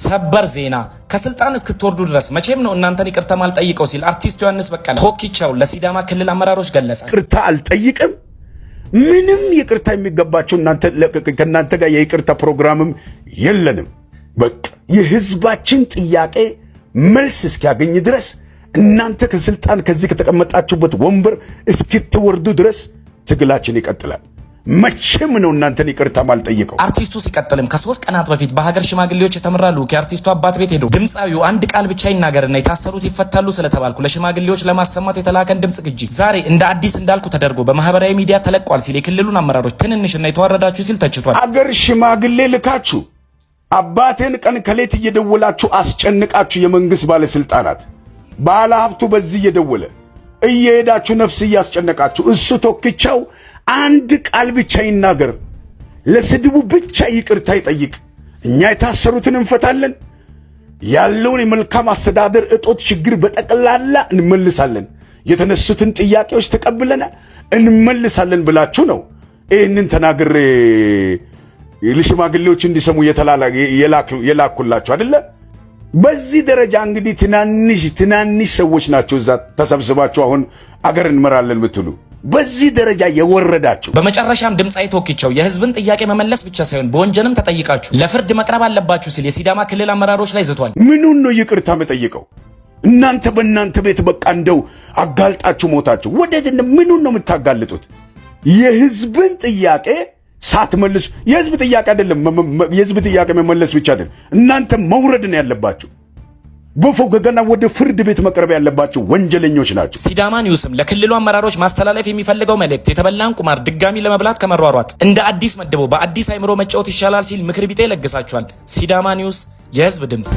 ሰበር ዜና ከስልጣን እስክትወርዱ ድረስ መቼም ነው እናንተን ይቅርታ ማልጠይቀው ሲል አርቲስት ዮሐንስ በቀለ ቶኪቻው ለሲዳማ ክልል አመራሮች ገለጸ። ይቅርታ አልጠይቅም፣ ምንም ይቅርታ የሚገባቸው ከእናንተ ጋር የይቅርታ ፕሮግራምም የለንም። በቃ የህዝባችን ጥያቄ መልስ እስኪያገኝ ድረስ እናንተ ከስልጣን ከዚህ ከተቀመጣችሁበት ወንበር እስክትወርዱ ድረስ ትግላችን ይቀጥላል። መቼም ነው እናንተን ይቅርታ ማልጠይቀው። አርቲስቱ ሲቀጥልም ከሶስት ቀናት በፊት በሀገር ሽማግሌዎች የተመራ ልዑክ የአርቲስቱ አባት ቤት ሄዶ ድምፃዊው አንድ ቃል ብቻ ይናገርና የታሰሩት ይፈታሉ ስለተባልኩ ለሽማግሌዎች ለማሰማት የተላከን ድምፅ ግጅ ዛሬ እንደ አዲስ እንዳልኩ ተደርጎ በማህበራዊ ሚዲያ ተለቋል ሲል የክልሉን አመራሮች ትንንሽና የተዋረዳችሁ ሲል ተችቷል። አገር ሽማግሌ ልካችሁ አባቴን ቀን ከሌት እየደወላችሁ አስጨንቃችሁ የመንግስት ባለስልጣናት ባለ ሀብቱ በዚህ እየደወለ እየሄዳችሁ ነፍስ እያስጨነቃችሁ እሱ ቶክቻው አንድ ቃል ብቻ ይናገር፣ ለስድቡ ብቻ ይቅርታ ይጠይቅ። እኛ የታሰሩትን እንፈታለን፣ ያለውን የመልካም አስተዳደር እጦት ችግር በጠቅላላ እንመልሳለን፣ የተነሱትን ጥያቄዎች ተቀብለን እንመልሳለን ብላችሁ ነው ይህንን ተናግሬ ለሽማግሌዎች እንዲሰሙ የላኩላችሁ አደለ። በዚህ ደረጃ እንግዲህ ትናንሽ ትናንሽ ሰዎች ናቸው እዛ ተሰብስባችሁ አሁን አገር እንመራለን ምትሉ በዚህ ደረጃ የወረዳችሁ በመጨረሻም ድምፃዊ ቶኪቻው የህዝብን ጥያቄ መመለስ ብቻ ሳይሆን በወንጀልም ተጠይቃችሁ ለፍርድ መቅረብ አለባችሁ ሲል የሲዳማ ክልል አመራሮች ላይ ዝቷል። ምኑን ነው ይቅርታ መጠይቀው? እናንተ በእናንተ ቤት በቃ እንደው አጋልጣችሁ ሞታችሁ ወደ ምኑን ነው የምታጋልጡት? የህዝብን ጥያቄ ሳትመልሱ የህዝብ ጥያቄ አይደለም የህዝብ ጥያቄ መመለስ ብቻ አይደለም እናንተ መውረድ ነው ያለባችሁ። በፈገግታና ወደ ፍርድ ቤት መቅረብ ያለባቸው ወንጀለኞች ናቸው። ሲዳማ ኒውስም ለክልሉ አመራሮች ማስተላለፍ የሚፈልገው መልእክት የተበላን ቁማር ድጋሚ ለመብላት ከመሯሯጥ እንደ አዲስ መድቦ በአዲስ አይምሮ መጫወት ይሻላል ሲል ምክር ቢጤ ለግሳቸዋል። ሲዳማ ኒውስ የህዝብ ድምፅ